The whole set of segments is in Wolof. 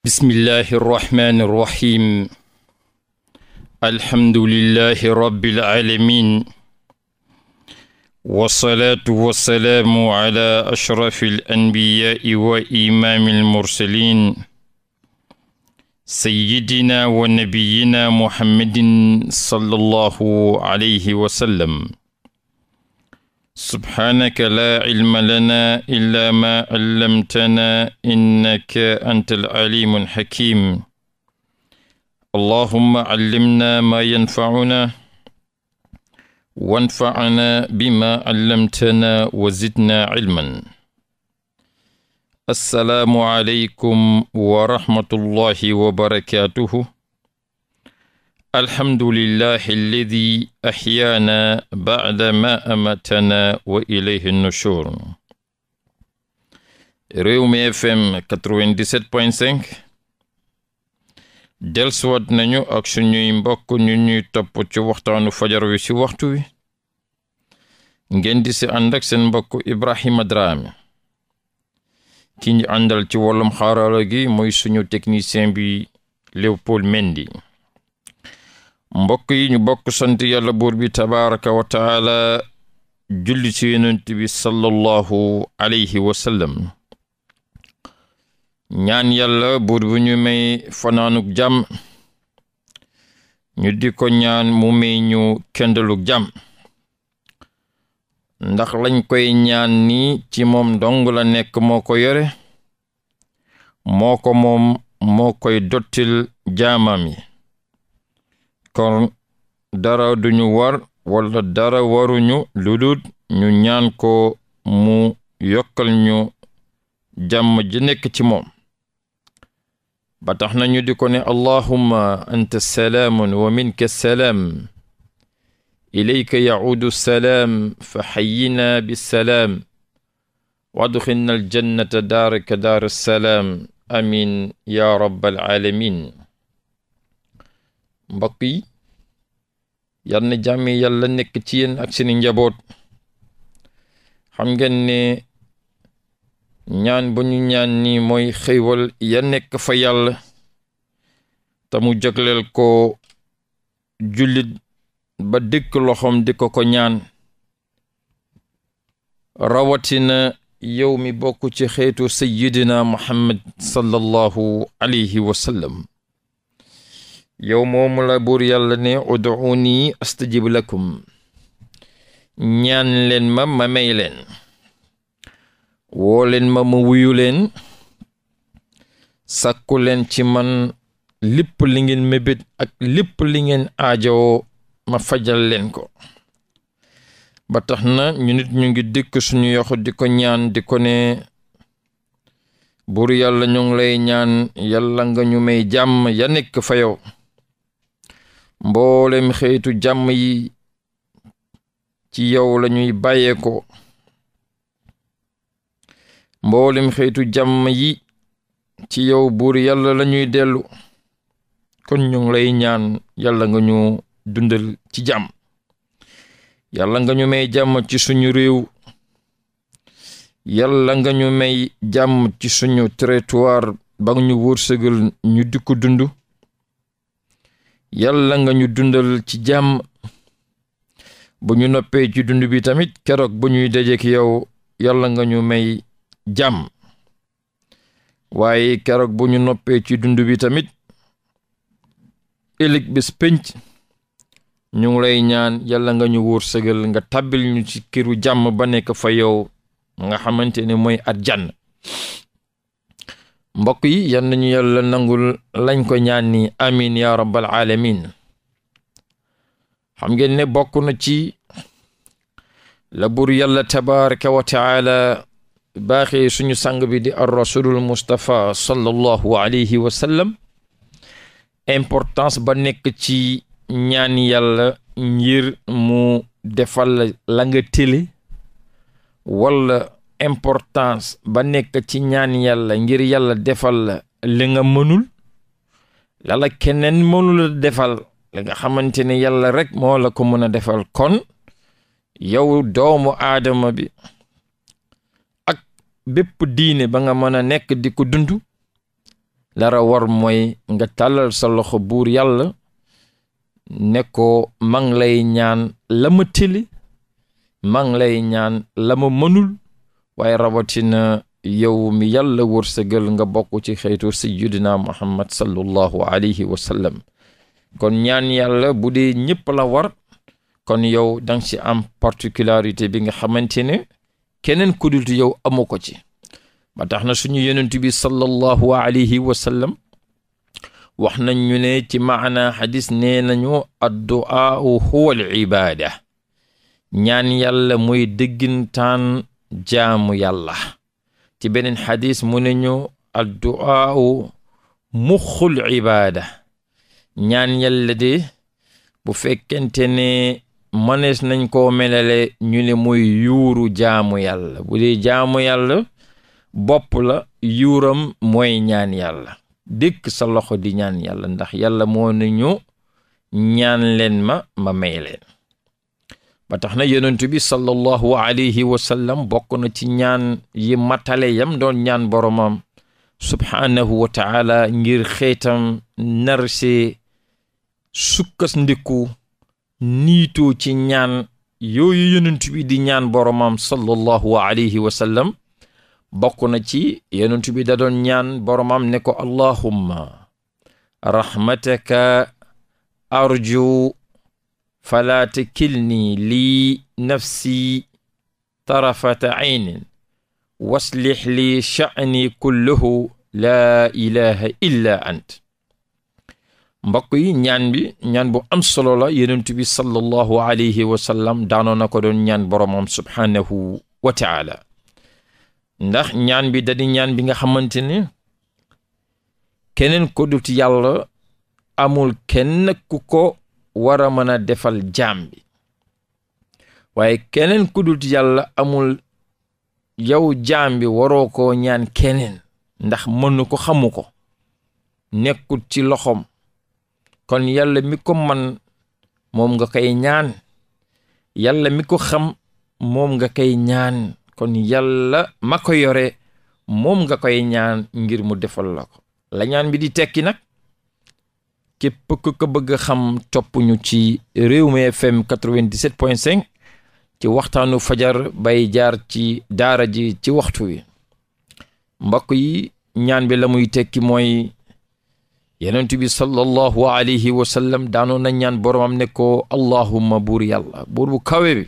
bismillahi irrahmani irrahim alhamdulillahi rabbil alamin wasalaatu wasalaamu ala ashrafi alanbiyaai wa imaami almursalin sayidina wa nabiyina muhammadin sallallahu alayhi wa sallam subhaanaka laa cilma lanaa illaa maa allamtanaa innaka anta alcaliimu alxakiim allahumma callimnaa maa yanfacunaa wanfacanaa bimaa callamtanaa wa zidnaa cilman assalaamu aleykum wa rahmatullahi wa barakaatuhu alhamdulillahi alladi axyaana bacda ma amatana wa ilayhi nushur Rewmi FM 97.5 delswat nañu ak suñuy mbokk ñu ñuy topp ci waxtaanu fajar wi ci waxtu wi ngeen di si ànd ak seen mbokk Ibrahima Drame ki ñu àndal ci wàllum xaarala gi mooy suñu technicien bi Léopold Mendy mbokk yi ñu bokk sant yàlla buur bi tabaraka julli ci yonent bi sallallahu alayhi wa ñaan yàlla buur bu ñu may fanaanuk jàmm ñu di ko ñaan mu may ñu kendaluk jàmm ndax lañ koy ñaan ni ci moom dong la nekk moo ko yore moo moom moo koy dottil jaamam yi kon dara duñu war wala dara waruñu ludut ñu ñaan ko mu yokkal ñu jàmm ji nekk ci moom ba tax nañu di ko ne allahumma anta salaamun wa minka salaam ilayka yacuudu salaam fa xayina bisalaam wadxilna aljannata daaraka daar salaam amin ya rabbal aalamiin mbokk yi yal na yàlla nekk ci yéen ak seeni njaboot xam ngeen ne ñaan ba ñu ñaan ni mooy xëywal ya nekk fa yàlla te mu jagleel ko jullit ba dëkk loxoom di ko ko ñaan rawatina yow mi bokk ci xeetu sayyidina muhammad sallallahu alayhi wa sallam yow moomu la buur yàlla ne ud'uuni astajib lakum ñaan leen ma ma may leen woo leen ma ma wuyu leen sakku leen ci man lépp li mébét ak lépp li ngeen ma fajal leen ko ba tax na ñu nit ñu ngi dikk suñu yoxu di ko ñaan di ko ne buur yàlla ñuŋ lay ñaan yàlla nga ñu may jàmm ya nekk fa mboolem xeetu jàmm yi ci yow la ñuy bàyyeekoo mboolem xeetu jàmm yi ci yow buur yàlla lañuy ñuy dellu kon ñu lay ñaan yàlla nga ñu dundal ci jàmm yàlla nga ñu may jàmm ci suñu réew yàlla nga ñu may jàmm ci suñu territoire ba nga ñu wërsëgal ñu di ko dund yàlla nga ñu dundal ci jàmm bu ñu noppee ci dund bi tamit keroog bu ñuy dajeek yow yàlla nga ñu may jàmm waaye keroog bu ñu noppee ci dund bi tamit ëllëg bis pénc ñu ngi lay ñaan yàlla nga ñu wóor sëgal nga tàbbil ñu ci këru jàmm ba nekk fa yow nga xamante ne mooy at jànn mbokk yi yan nañu yàlla nangul lañ ko ñaan ni amin ya rabbal alamin xam ngeen ne bokk na ci la bur yàlla tabaraka wa taala baaxee suñu sang bi di ar rasulul mustapha sallallahu alayhi wa importance ba nekk ci ñaani yàlla ngir mu defal la télé wala importance ba nekk ci ñaan yàlla ngir yàlla defal la li nga mënul lala keneen mënula defal li nga xamante ne yàlla rek moo la ko mën a defal kon yow doomu aadama bi ak bépp diine ba nga mën a nekk di ko dund lara war mooy nga tàllal sa loxo buur yàlla ne ko ma lay ñaan la ma tëli lay ñaan la mënul waaye rawatina yow mi yàlla wërsëgal nga bokk ci xeetu sayyidina muhammad sallallahu alayhi wa sallam kon ñaan yàlla bu dee ñëpp la war kon yow danga ci am particularité bi nga xamante ne keneen ku dul yow amu ko ci ba tax na suñu yonent bi sallallahu alayhi wa sallam wax nañ ñu ne ci maana xadis nee nañu addu'aa huwa al ibaada ñaan yàlla mooy dëggintaan jaamu yàlla ci beneen xadis mu ne ñu addu'aau muxul ibaada ñaan yàlla de bu fekkente ne mënees nañ koo melale ñu ne muy yuuru jaamu yàlla bu jaamu yàlla bopp la yuuram mooy ñaan yàlla dëkk sa loxo di ñaan yàlla ndax yàlla moo ne ñaan leen ma ma may ba tax na yonent bi sallallahu alayhi wa sallam bokk na ci ñaan yi matale yam doon ñaan boromam subhaanahu wa taala ngir xeetam nar see sukkas ndikku niitoo ci ñaan yooyu yonent bi di ñaan boromam sallallahu alayhi wa sallam bokk na ci yonent bi da doon ñaan boromam ne ko allahumma rahmataka arju falaa takilnii lii nafsi tarafata aynin waslix li sha'ni kulluhu laa ilaha illa ant mbokk yi ñaan bi ñaan bu am solo la yonent bi sallallahu alayhi wa sallam ko doon ñaan boroomam subhaanahu wa taala ndax ñaan bi dadi ñaan bi nga xamante ne keneen ko dut yàlla amul kenn ku ko wara a mën a defal jaam bi waaye keneen kudut yàlla amul yow jaam bi waroo koo ñaan keneen ndax mënu ko xamu ko nekkut ci loxoom kon yàlla mi man moom nga koy ñaan yàlla mi ko xam moom nga koy ñaan kon yàlla ma ko yore moom nga koy ñaan ngir mu defal la ko la ñaan bi tekki nag képp ku bëgg a xam topp ñu ci Rewmi FM 97.5 ci waxtaanu fajar bay jaar ci daara ji ci waxtu wi mbakk yi ñaan bi la muy tekki mooy yenentu bi sallallahu alayhi wa sallam daanoon na ñaan boromam ne ko allahumma buur yàlla buur bu kawe bi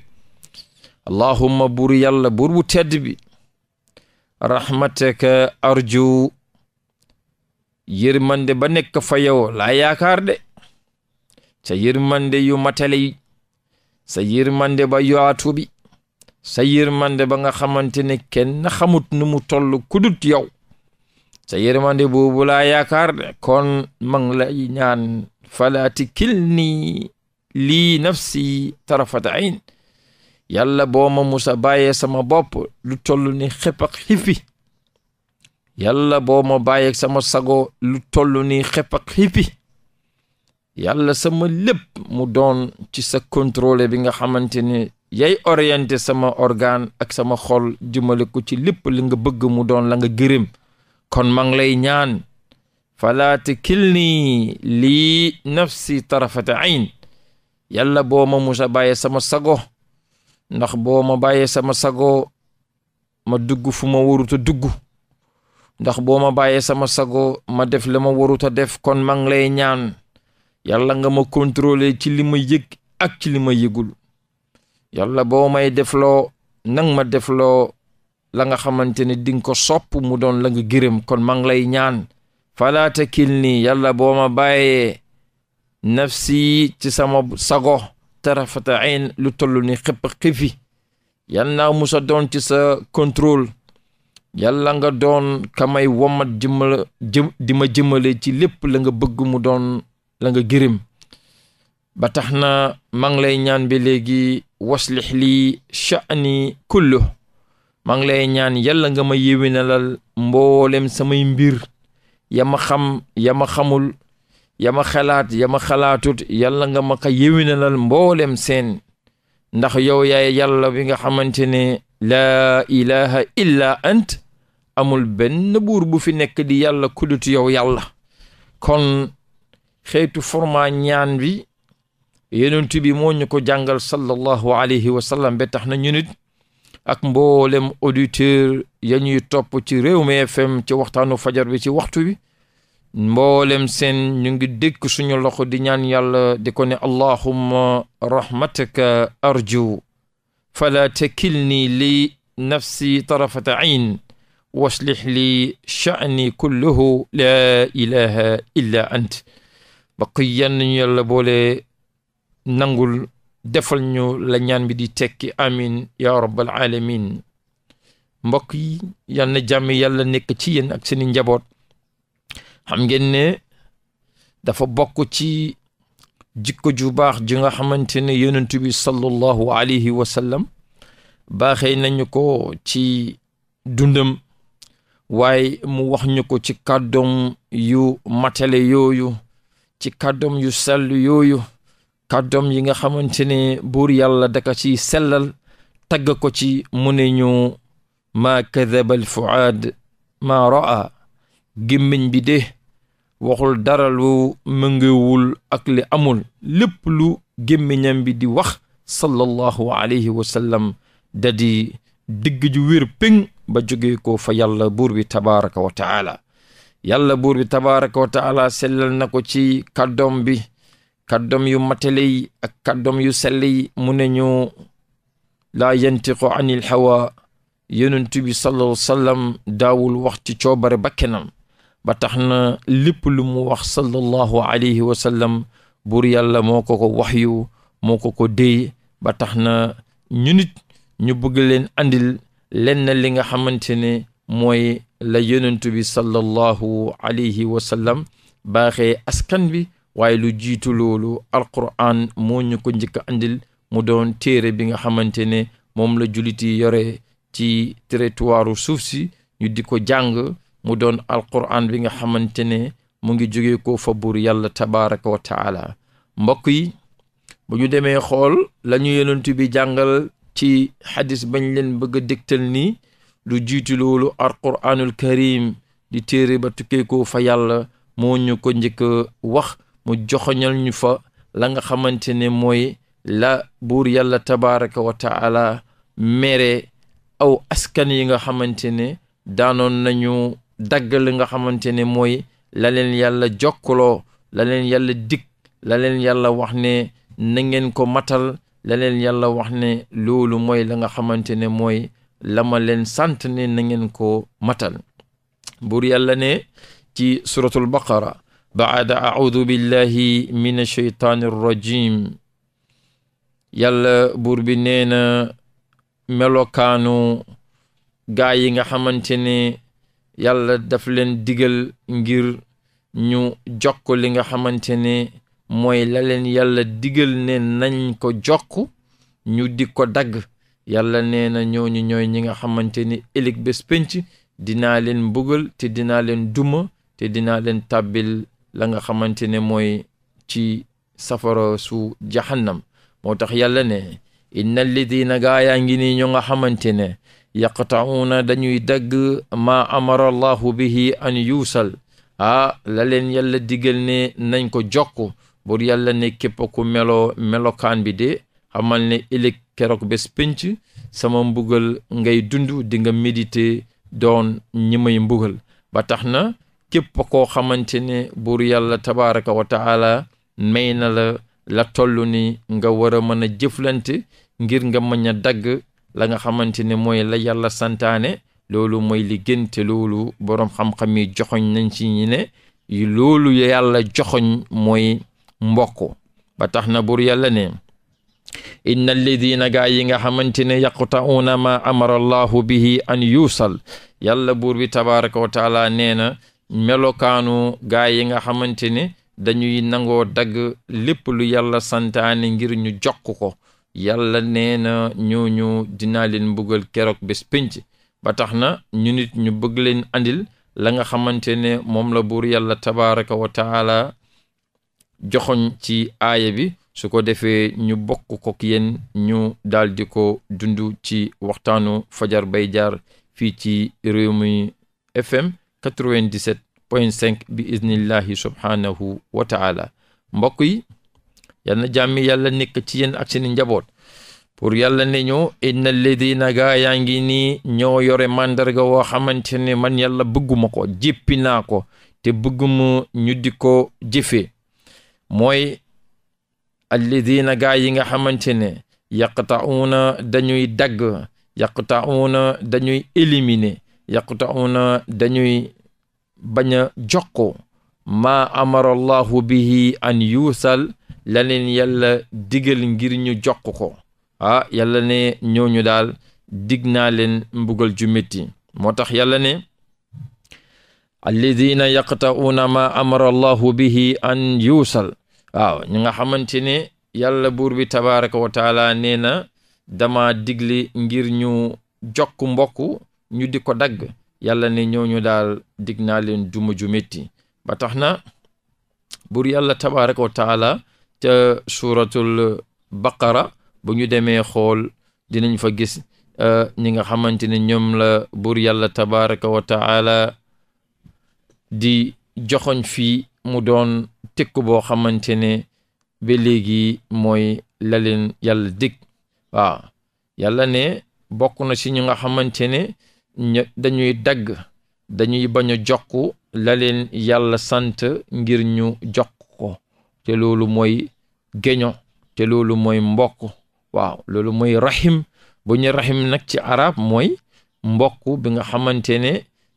allahumma buur yàlla buur bu tedd bi rahmataka arju mande ba nekk fa yow laa yaakaar de sa yërmande yu matale yi sa yërmande ba yaatu bi sa yërmande ba nga xamante ne kenn xamut nu mu toll kudut yow sa mande boobu laa yaakaar de kon ma lay ñaan falaati kilni lii nafsi tarafata ayn yàlla boo ma musa bàyyee sama bopp lu toll ni xëpp ak yàlla boo ma bàyyeeg sama sago lu toll ni xepp xippi yàlla sama lépp mu doon ci sa contrôle bi nga xamante ne yay orienté sama organ ak sama xol jëmale ko ci lépp li nga bëgg mu doon la nga gërëm kon maa lay ñaan kill takilnii lii nafsi tarafata ayn yàlla boo ma musa bàyyee sama sago ndax boo ma bàyyee sama sago ma dugg fu ma waruta dugg ndax boo ma bàyyee sama sago ma def la ma warut def kon ma lay ñaan yàlla nga ma contrôler ci li ma yëg ak ci li ma yëgul yàlla boo may defloo nanga ma defloo la nga xamante ne dinga ko sopp mu doon la nga gërëm kon ma lay ñaan falaata kil nii yàlla boo ma bàyyee nafsi ci sama sago tarafata ayn lu toll ni xëpp xifi yal naa musa doon ci sa contrôle yàlla nga doon kamay womat jëmala jëm di ma ci lépp la nga bëgg mu doon la nga gërëm ba tax na maa lay ñaan bi léegi waslix lii sha'ni kullu maa ngi lay ñaan yalla nga ma yéwénalal mboolem samay mbir ya xam ya xamul yama ma xalaat xalaatut yàlla nga ma ka yéwénalal mboolem seen ndax yow yaay yàlla wi nga xamante ne laa ilaha illa ant amul benn buur bu fi nekk di yàlla kudut yow yàlla kon xeetu format ñaan bi yonent bi mooñu ko jàngal sallallahu alayhi wa sallam ba tax na ñu nit ak mboolem auditeur ya ñuy topp ci Rewmi FM ci waxtaanu fajar wi ci waxtu wi mboolem seen ñu ngi dékk suñu loxo di ñaan yàlla di ko ne allahumma rahmataka arju fala takilni li nafsi tarafata ayn waslih li sha'ni kulluhu la ilaha illa ant baqi yan ñu yàlla boole nangul defal ñu la ñaan bi di tekki amin ya rabbal alamin mbokk yi yal na jàmm yàlla nekk ci yéen ak seeni njaboot xam ngeen ne dafa bokk ci jikko ju baax ji nga xamante ne yonent bi sallallahu alayhi wa baaxe nañu ko ci dundam waaye mu wax ñu ko ci kàddoom yu matale yooyu ci kàddoom yu sell yooyu kàddoom yi nga xamante ne buur yàlla daka ci sellal tagg ko ci mu ne ñu maa kadaba al fuaad maa gémmiñ bi de waxul dara lu mëngewul ak amul lépp lu gémmiñam bi di wax sallallahu alayhi wa sallam da di digg ju wér ba jóge ko fa yàlla buur bi tabaraka wa taala yàlla buur bi tabaraka wa taala sellal na ko ci kàddoom bi kàddoom yu matale yi ak kàddoom yu sell yi mu ne ñu laa yantiqu anil hawa yonent bi sallallahu sallam daawul wax ci coobare bakkenam ba tax na lépp lu mu wax sallallahu alayhi wa sallam buur yàlla moo ko ko waxyu moo ko ko déy ba tax na ñu nit ñu bëgg leen andil lenn li nga xamante ne mooy la yonent bi sallallahu alayhi wasallam sallam baaxee askan bi waaye lu jiitu loolu alquran moo ñu ko njëkk andil mu doon téere bi nga xamante ne moom la jullit yi yore ci territoire suuf si ñu di ko jàng mu doon alquran bi nga xamante ne mu ngi jóge ko fa buur yàlla tabaraka wa taala mbokk yi bu ñu demee xool la ñu yonent bi jàngal ci xadis bañ leen bëgg a dégtal ni lu jiitu loolu alquranul karim di téere ba tukkee ko fa yàlla moo ñu ko njëkk wax mu joxoñal ñu fa la nga xamante ne mooy la buur yàlla tabaraka wa taala mere aw askan yi nga xamante ne daanoon nañu dagg li nga xamante ne mooy la leen yàlla jokkaloo la leen yàlla dig la leen yàlla wax ne na ngeen ko matal la leen yàlla wax ne loolu mooy la nga xamante ne mooy la leen sant ne ngeen ko matal buur yàlla ne ci suratul baqara baada audu billahi min asheytaani rrajim yàlla buur bi nee na melokaanu gaa yi nga xamante ne yàlla daf leen digal ngir ñu jokk li nga xamante ne mooy la leen yàlla digal ne nañ ko jokk ñu di ko dagg yàlla nee na ñu ñooy ñi nga xamante ni ëllëg bés penc dinaa leen mbugal te dinaa leen duma te dinaa leen tàbbil la nga xamante ne mooy ci safara su jahannam moo tax yàlla ne inna alladina gaa yaa ngi nii ñoo nga xamante ne yaqta'uuna dañuy dagg maa amara allahu bihi an yuusal ah la leen yàlla digal ne nañ ko jokk bur yàlla ne képp ku meloo melokaan bi de xamal ne ëllëg keroog bés pénc sama mbugal ngay dund dinga nga doon ñimay may mbugal ba tax na képp koo xamante ne buur yàlla tabaraka wa taala may na la la toll ni nga war a mën a jëflante ngir nga mën a dagg la nga xamante ne mooy la yàlla santaane loolu mooy li gën te loolu boroom xam-xam yi joxoñ nañ ci ñi ne loolu yàlla joxoñ mooy mbokk ba na bur yàlla ne inna alladina gaa yi nga xamante ne yaqta'uuna ma amara allahu bihi an yuusal yàlla buur bi tabaraka wa taala nee na melokaanu gaa yi nga xamante ne dañuy nangoo dagg lépp lu yàlla santaane ngir ñu jokk ko yàlla nee na ñooñu dinaa leen mbugal keroog bés pénc ba tax na ñu nit ñu bëgg leen andil la nga xamante ne moom la buur yàlla tabaraka wa taala joxoñ ci aaya bi su ko defee ñu bokk kook yéen ñu daal ko dund ci waxtaanu fajar bay jaar fii ci Rewmi FM 97 point 5 bi iznillahi subhaanahu wa taala yi yal na jàmmi yàlla nekk ci yéen ak seen njaboot pour yàlla ne ñu inna ledina gaa yaa ngi nii ñoo yore màndarga woo xamante ne man yàlla bëgguma ko jéppi naa ko te bëgguma ñu di ko jëfee mooy alledina gaa yi nga xamante ne yaqta'uuna dañuy dagg yaqta'uuna dañuy éliminer yaqta'uuna dañuy bañ a jokkoo maa amara allahu bihi an yuusal la leen yàlla digal ngir ñu jokk ko ah yàlla ne ñooñu daal dig naa leen mbugal ju moo tax yàlla ne alladina yaqta'uuna ma amara allahu bihi an yuusal waaw ñu nga xamante ne yàlla buur bi tabaraka wa taala na dama digli ngir ñu jokk mbokk ñu di ko dagg yàlla ne ñooñu daal dig naa leen duma na buur yàlla tabaraka wa ca suuratul baqara bu ñu demee xool dinañ fa gis euh, ñi nga xamante ne ñoom la buur yàlla tabaraka wa di joxoñ fii mu doon tekk boo xamante ne ba léegi mooy la leen yàlla dig yàlla ne bokk na ci ñu nga xamante ne dañuy dagg dañuy bañ a jokk la yàlla sant ngir ñu jokk te loolu mooy geño te loolu mooy mbokk waaw loolu mooy rahim bu ñu rahim nag ci arab mooy mbokku bi nga xamante ne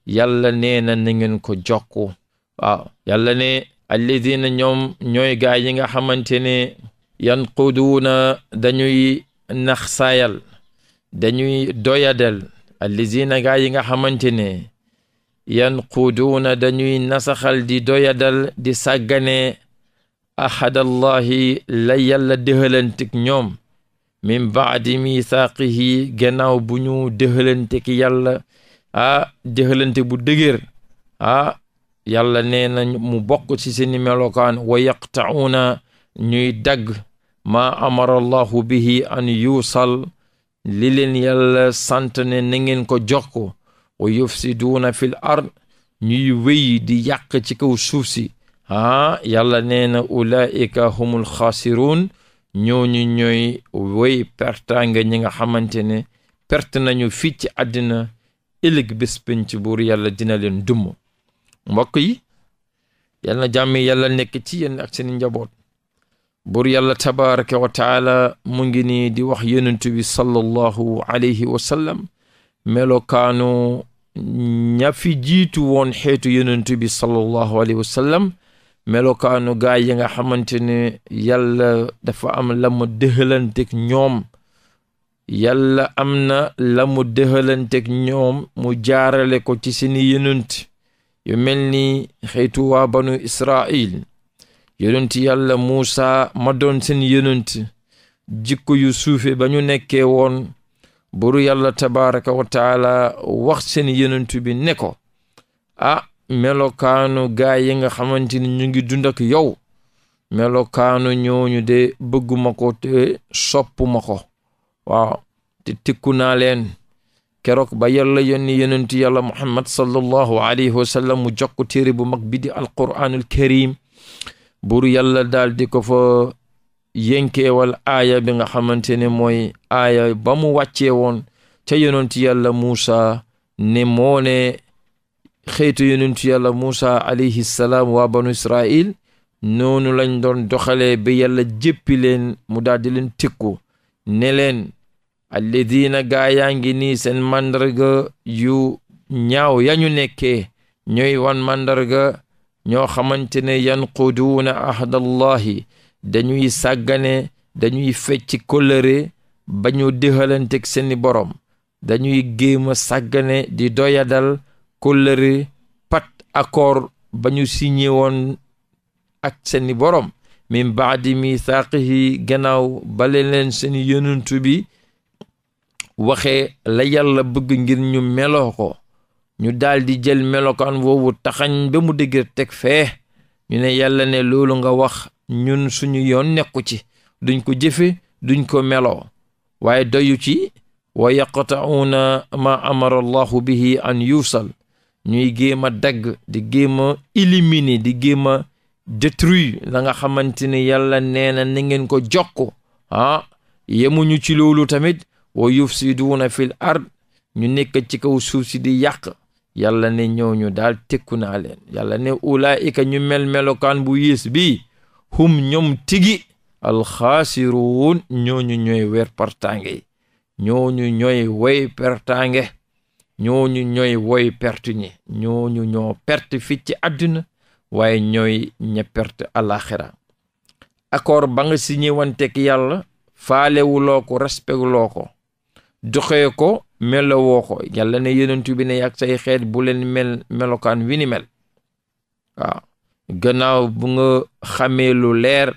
yàlla nee na ngeen ko jokk waaw yàlla ne alladina ñoom ñooy gaay yi nga xamante ne yanquduuna dañuy naxsaayal dañuy doyadal alladina yi nga xamante ne yanquduuna nasaxal di doyadal di sàggane ahadallahi la yàlla dëxalantik ñoom min baadi misaaqihi gannaaw bu ñu dëxalantik yàlla ah dëxalante bu dëgër ah yàlla nee na mu bokk ci seeni melokaan wa yaqta'uuna ñuy dagg maa amara allahu bihi an yuusal li leen yàlla sant ne ngeen ko jox ko wa yufsiduuna fil ard ñuy wéy di yàq ci kaw suuf si ah yàlla nee na ulaika humul ñooñu ñooy woy pertanga ñi nga xamante ne perte nañu fii ci àddina ëllëg bés penc buur yàlla dina leen dumm mbokk yi yal jàmm yàlla nekk ci ak seen njaboot buur yàlla tabaraka wa taala mu ngi nii di wax yonent bi sallallahu alayhi wa sallam melokaanu ña fi jiitu woon xeetu yonent bi sallallahu alayhi wa melokaanu gaay yi nga xamante ne yàlla dafa am la mu ñoom yàlla am na la mu ñoom mu jaarale ko ci seeni yonent yu mel ni xëytu waa banu Israil yonent yàlla Muusa ma doon seen yonent jikko yu suufe ba ñu nekkee woon buru yàlla tabaraka wa wax seen yonent bi ne ko ah melokaanu gaa yi nga xamante ni ñu ngi dund ak yow melokaanu ñooñu de bëgguma ko te soppuma ko waaw te tikku naa leen keroog ba yalla yónni yonenti yàlla muhammad sallallahu alayhi wa mu jokk téere bu mag bi di alquraanul karim buru yàlla daal di ko fa yénkeewal aaya bi nga xamante ne mooy aaya ba mu wàccee woon ca yonenti yàlla muusa ne moo xeetu yonentu yàlla Muusa alayhi salaam waa banu Israil noonu lañ doon doxalee ba yàlla jéppi leen mu daal di leen tikku ne leen alladina gaa yaa ngi nii seen màndarga yu ñaaw yañu nekkee ñooy wan màndarga ñoo xamante ne yanquduuna ahdallahi dañuy sàggane dañuy fecc kóllëre bañu ñu dëxalanteg seeni boroom dañuy géema sàggane di doyadal kóllëre pat accord ba ñu signé woon ak seeni borom min baadi mithaaqihi gannaaw bale leen seen yonentu bi waxe la yàlla bëgg ngir ñu meloo ko ñu daal di jël melokaan woowu taxañ ba mu dëgër teg fee ñu ne yàlla ne loolu nga wax ñun suñu yoon nekku ci duñ ko jëfe duñ ko meloo waaye doyu ci wa yaqta'uuna ma amara allahu bihi an yuusal ñuy géem a dagg di géem a éliminer di géem a la nga xamante ni yàlla nee na na ngeen ko jokk ah yemuñu ci loolu tamit wa yufsiduuna fil ard ñu nekk ci kaw suuf si di yàq yàlla ne ñooñu daal tekku naa leen yàlla ne ulaayika ñu mel melokaan bu yées bi hum ñoom tigi alxaasiruun ñooñu ñooy weer partange ñooñu ñooy way pertange ñu ñooy woy perte ñi ñooñu ñoo perte fii ci àdduna waaye ñooy ña perte alaxira accord ba nga signé wanteek yàlla faalewuloo ko respectloo ko doxee ko melowoo ko yàlla ne yonent bi ne ak say xeet bu leen mel melokaan wi ni mel waaw gannaaw bu nga xamee lu leer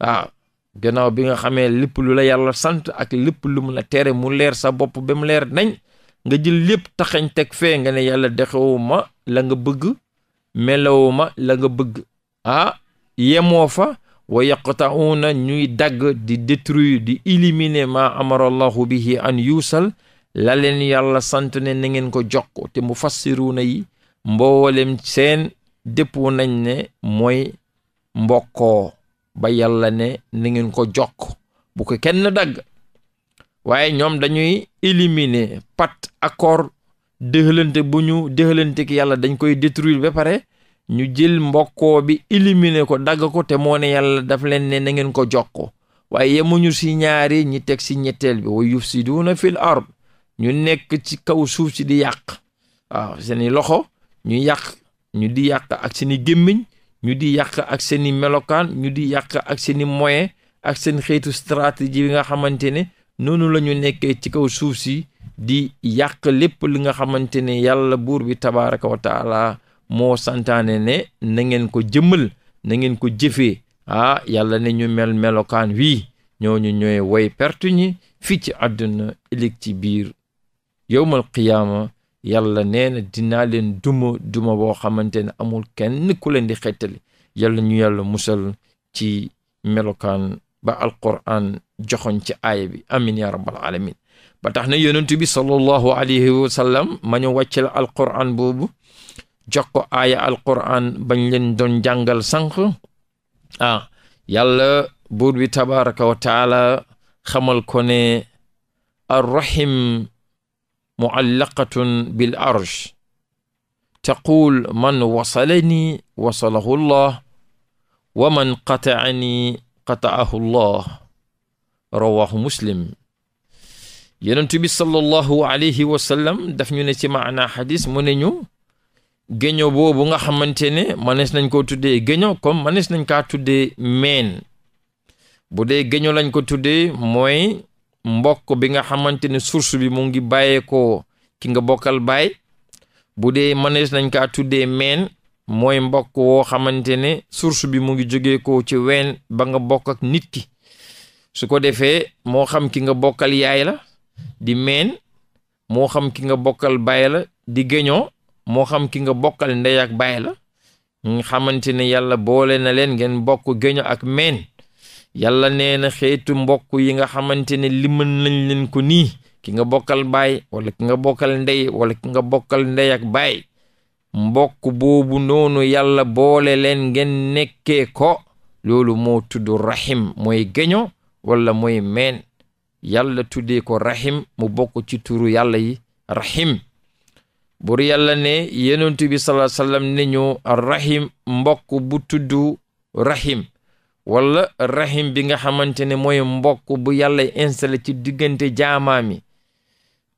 waaw gannaaw bi nga xamee lépp lu la yàlla sant ak lépp lu mu la tere mu leer sa bopp ba mu leer nañ nga jël lépp taxañ teg fee nga ne yàlla dexewu ma la nga bëgg melawu ma la nga bëgg ah yemoo fa wa yaqta'uuna ñuy dagg di détruire di éliminer ma amarallahu bihi an yuusal la leen yàlla sant ne na ngeen ko jox ko te mufassiruuna yi mboolem seen dëppoo nañ ne mooy mbokkoo ba yàlla ne na ngeen ko jokk bu ko kenn dagg waaye ñoom dañuy éliminer pat accord déxalante bu ñu déxalante ki yàlla dañ koy détruire ba pare ñu jël mbokkoo bi éliminer ko dagg ko te moo ne yàlla daf leen ne na ngeen ko jox ko waaye yemuñu si ñaari ñi teg si ñetteel bi si wa yufsiduuna fil ard ñu nekk ci kaw suuf si di yàq waaw seeni loxo ñu yàq ñu di yàq ak seeni gémmiñ ñu di yàq ak seeni melokaan ñu di yàq ak seeni moyen ak seen xeetu stratégie bi nga xamante ne noonu lañu ñu nekkee ci kaw suuf si di yàq lépp li nga xamante ne yàlla buur bi tabaraka wa moo santaane ne na ngeen ko jëmmal na ngeen ko jëfee ah yàlla ne ñu mel melokaan wii ñooñu ñooy way perte ñi fii ci àdduna ëllëg ci biir yowmal qiyaama yàlla nee na dinaa leen duma duma boo xamante ne amul kenn ku leen di xettali yàlla ñu yàlla musal ci melokaan ba alquran joxoñ ci aaya bi amin ya rabbal alamin ba tax na yonent bi sallallahu alayhi wa sallam ma ñu wàccal alquran boobu jox ko aaya alquran bañ leen doon jàngal sànq ah yàlla buur bi tabaraka wa taala xamal ko ne arrahim muallaqatun bil arsh taqul man wasalani wasalahu llah wa man qataani qataahullah rawahu muslim yonent bi sallallahu alayhi wa sallam daf ñu ne ci maana xadis mu ne ñu géño boobu nga xamante ne mënees nañ ko tuddee géño comme mënees nañ kaa tudde meen bu dee géño lañ ko tuddee mooy mbokk bi nga xamante ne source bi mu ngi bàyyeekoo ki nga bokkal baay bu dee mënees nañ kaa tuddee meen mooy mbokk woo xamante ne source bi mu ngi jógee ko ci ween ba nga bokk ak nit ki su ko defee moo xam ki nga bokkal yaay la di meen moo xam ki nga bokkal baay la di géñoo moo xam ki nga bokkal ndey ak baay la nga xamante ne yàlla boole na leen ngeen bokk géño ak meen yàlla nee na xeetu mbokk yi nga xamante ne liman nañ leen ko nii ki nga bokkal baay wala ki nga bokkal ndey wala ki nga bokkal ndey ak baay mbokk boobu noonu yàlla boole leen ngeen nekkee ko loolu moo tudd rahim mooy geño walla mooy meen yàlla tuddee ko rahim mu bokk ci turu yàlla yi rahim bur yàlla ne yenentu bi salaa sallam ne ñu rahim mbokk bu tudd rahim walla rahim bi nga xamante ne mooy mbokk bu yàlla installé ci diggante jaamaami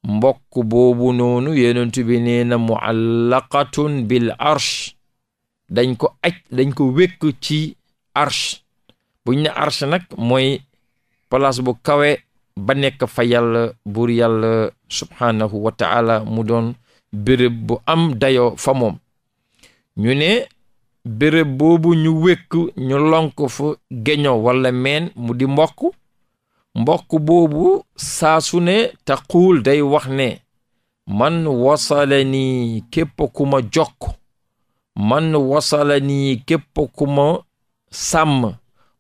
mbokk boobu noonu yonent bi nee na muallaqatun bil arsh dañ ko aj dañ ko wékk ci arsh buñ ne arsh nag mooy place bu kawe ba nekk fa yàlla buur yàlla subhaanahu wa taala mu doon béréb bu am dayoo fa moom ñu ne béréb boobu ñu wékk ñu lonk fu geño walla meen mu di mbokk mbokk boobu saa su ne taquul day wax ne man wasala nii képp ku jokk man wasala nii képp ma sàmm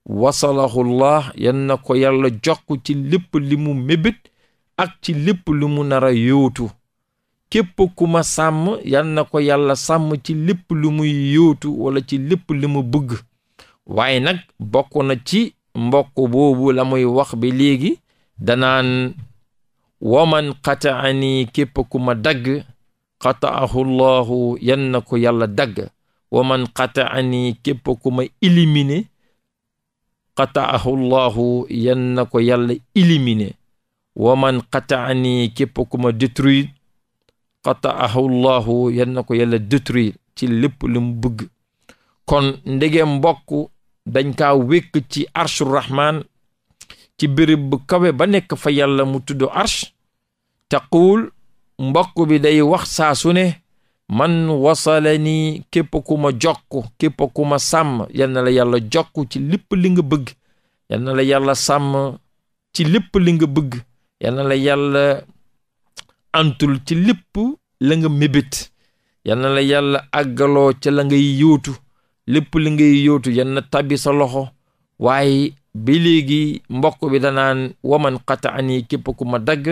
wasalahullah yan na ko yàlla jokk ci lépp limu mu ak ci lépp li mu nar a yóotu képp ku ma sàmm yan na ko yàlla sàmm ci lépp li muy yóotu wala ci lépp limu mu bëgg waaye ci mbokk boobu la muy wax bi léegi danaan waman qataani képp ma dagg qataahu llahu ko yàlla dagg waman qataani képp ku ma éliminer qataahu yan na ko yàlla éliminer waman qataani képp ku ma détruire ko yàlla détruire ci lépp lu mu bëgg kon ndege mbokk dañ kaa wékk ci arshur rahman ci béréb bu kawe ba nekk fa yàlla mu tudd arsh taquul mbokk bi day wax saa su ne man wasala nii képp ku ma jokk képp ku ma sàmm yal na la yàlla jokk ci lépp li nga bëgg yal na la yàlla sàmm ci lépp li nga bëgg yal na la yàlla antul ci lépp la nga mébét yal la yàlla àggaloo ca la ngay yóotu lépp li ngay yóotu yan na tabbi sa loxo waaye bi léegi mbokk bi danaan waman xata ani képp ku ma dagg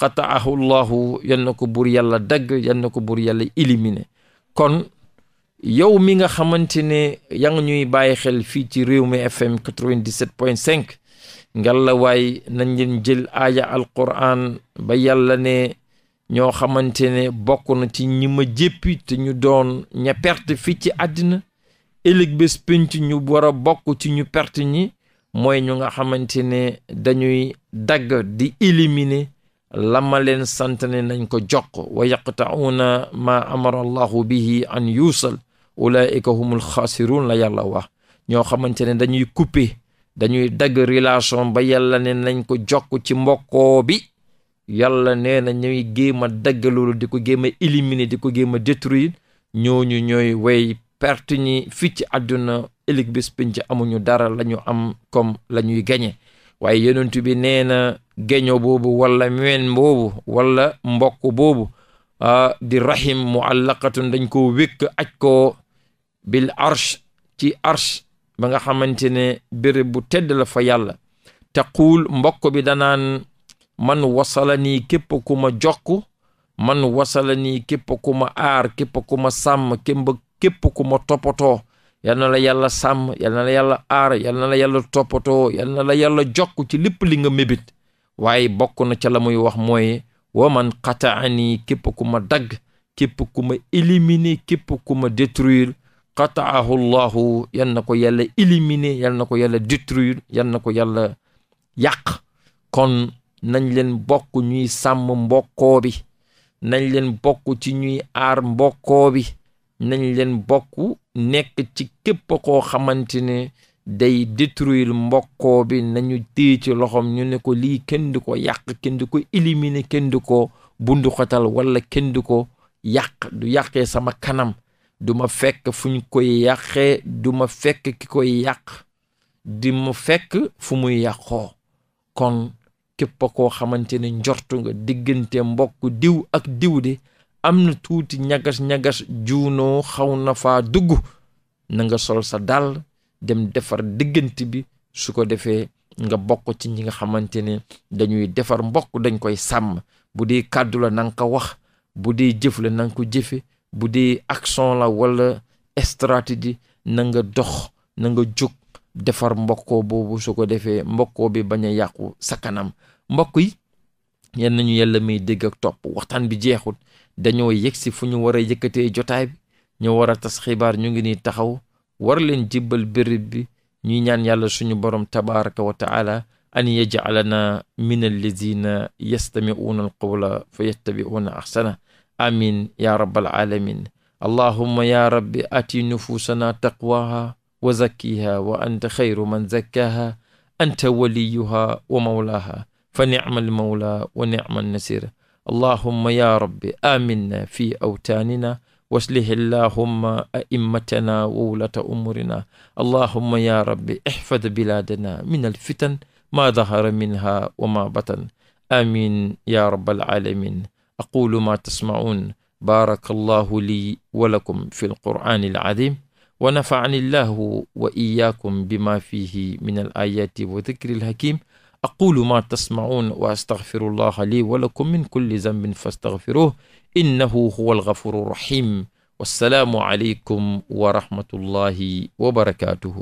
xataahu llahu yan ko buur yàlla dagg yan na ko buur yàlla ilimine kon yow mi nga xamante ne yaa ngi ñuy bàyyi xel fii ci réew mi fm 97.5 ngalla waay nañ leen jël aaya alquran ba yàlla ne ñoo xamante ne bokk na ci ñi ma jéppi te ñu doon ña perte fii ci àddina ëllëg bés pénc ñu war bokk ci ñu pert ñi mooy ñu nga xamante ne dañuy dagg di éliminer la ma sant ne nañ ko jox wa yaqta'uuna maa amara allahu bihi an yuusal ulaa'ika humul xaasiruun la yàlla wax ñoo xamante ne dañuy couper dañuy dagg relation ba yàlla ne nañ ko jokk ci mbokkoo bi yàlla nee na ñuy géem a dagg loolu di ko géem a éliminer di ko géem a détruire ñooñu ñooy wey perte ñi fii ci àdduna ëllëg bés amuñu dara lañu am kom la ñuy gañe waaye yonent bi nee na geño boobu wala meen boobu wala mbokk boobu di rahim muallaqatun dañ ko wékk aj ko bil arsh ci arsh ba nga xamante ne béréb bu tedd la fa yàlla taquul mbokk bi danaan man wasala nii képp ku man wasala nii képp aar képp ku ma képp ku ma toppatoo yal na la yàlla sàmm yal na la yàlla aar yal na la yàlla toppatoo yal na la yàlla jokk ci lépp li nga mébét waaye bokk na ca la muy wax mooy wa man qataani képp ku ma dagg képp ku ma éliminer képp ku ma détruire qataahu llahu yal na ko yàlla éliminer yal na ko yàlla détruire yal na ko yàlla yàq kon nañ leen bokk ñuy sàmm mbokkoo bi nañ leen bokk ci ñuy aar mbokkoo bi nañ leen bokk nekk ci képp koo xamante ne day détruire mbokkoo bi nañu téye ci loxoom ñu ne ko lii kenn du ko yàq kenn du ko éliminer kenn du ko bundu xotal wala kenn du ko yàq du yàqee sama kanam du fekk fu ñu koy yàqee du ma fekk ki koy yàq di fekk fu muy yàqoo kon képp koo xamante ne njortu nga diggante mbokk diw ak diw de am na tuuti ñagas-ñagas juunoo xaw na faa dugg na nga sol sa dàll dem defar diggante bi su ko defee nga bokk ci ñi nga xamante ne dañuy defar mbokk dañ koy sàmm bu dee kàddu la nanga ko wax bu dee jëf la na ko jëfe bu dee action la wala stratégie nanga nga dox na nga jóg defar mbokkoo boobu su ko defee mbokkoo bi bañ a yàqu sa kanam mbokk yi yal nañu yàlla may dégg ak topp waxtaan bi jeexut dañoo yegg si fu ñu war a yëkkatee jotaay war a tas xibaar ñu ngi ni taxaw war leen jibbal béréb bi ñuy ñaan yàlla suñu borom tabaraka wa taala an yajalana min allazina yastamiuuna alqawla ati nufusana taqwaha wa zakkiha wa man zakkaha anta waliyuha wa mawlaha fa nicma almawla wa nicma annasir allahumma ya rabbi aminna fi awtaanina waslih allahumma a'immatana wa wulata umurina allahumma ya rabbi ihfad biladana min alfitan ma dahara minha wa ma batan amin ya rabbal alamin aqulu ma tasma'un baraka allahu li wa lakum fi alqur'ani alazim wa nafa'ani allahu wa iyyakum bima fihi min alayati wa dhikri alhakim aqulu ma tasmaun wa astaghfirullaha li wa lakum min kulli zambin fastaghfiruh innahu huwal ghafurur rahim wassalaamu aleykum wa rahmatullahi wa barakatuhu